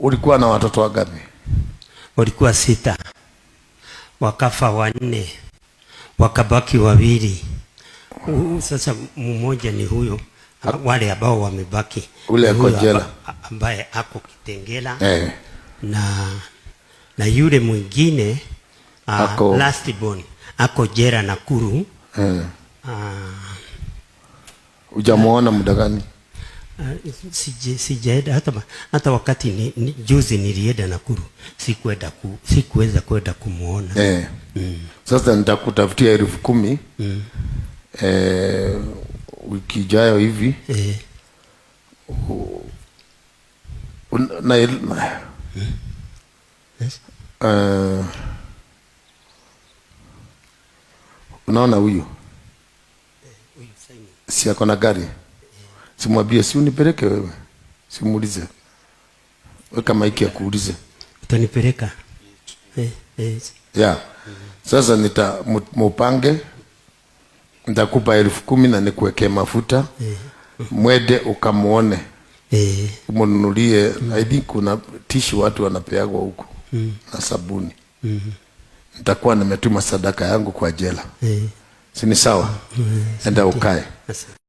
Ulikuwa na watoto wangapi? Walikuwa sita, wakafa wanne, wakabaki wawili. Mm, sasa mmoja ni huyo, wale ambao wamebaki, ule ako jela ambaye ako Kitengela eh, na na yule mwingine ako, uh, last born ako jela Nakuru eh. Uh, ah. ujamuona muda gani? sijaenda hata, hata wakati ni, ni, juzi nilienda Nakuru sikuenda ku, sikuweza kwenda kumwona eh. Mm. Sasa nitakutafutia elfu kumi mm. eh, wiki ijayo hivi eh. uh, Na, hmm. Yes. Uh, unaona huyu eh, si ako na gari Simwambie si unipeleke wewe. Simuulize. Weka maiki ya kuulize. Utanipeleka. Eh, eh. Yeah. Sasa nitamupange nitakupa elfu kumi na nikuwekee mafuta eh. Mwende ukamuone eh. Umnunulie mm. I think kuna tishu watu wanapeagwa huko mm. na sabuni mm Nitakuwa nimetuma sadaka yangu kwa jela eh. Si ni sawa? Nenda mm-hmm. mm. ukae.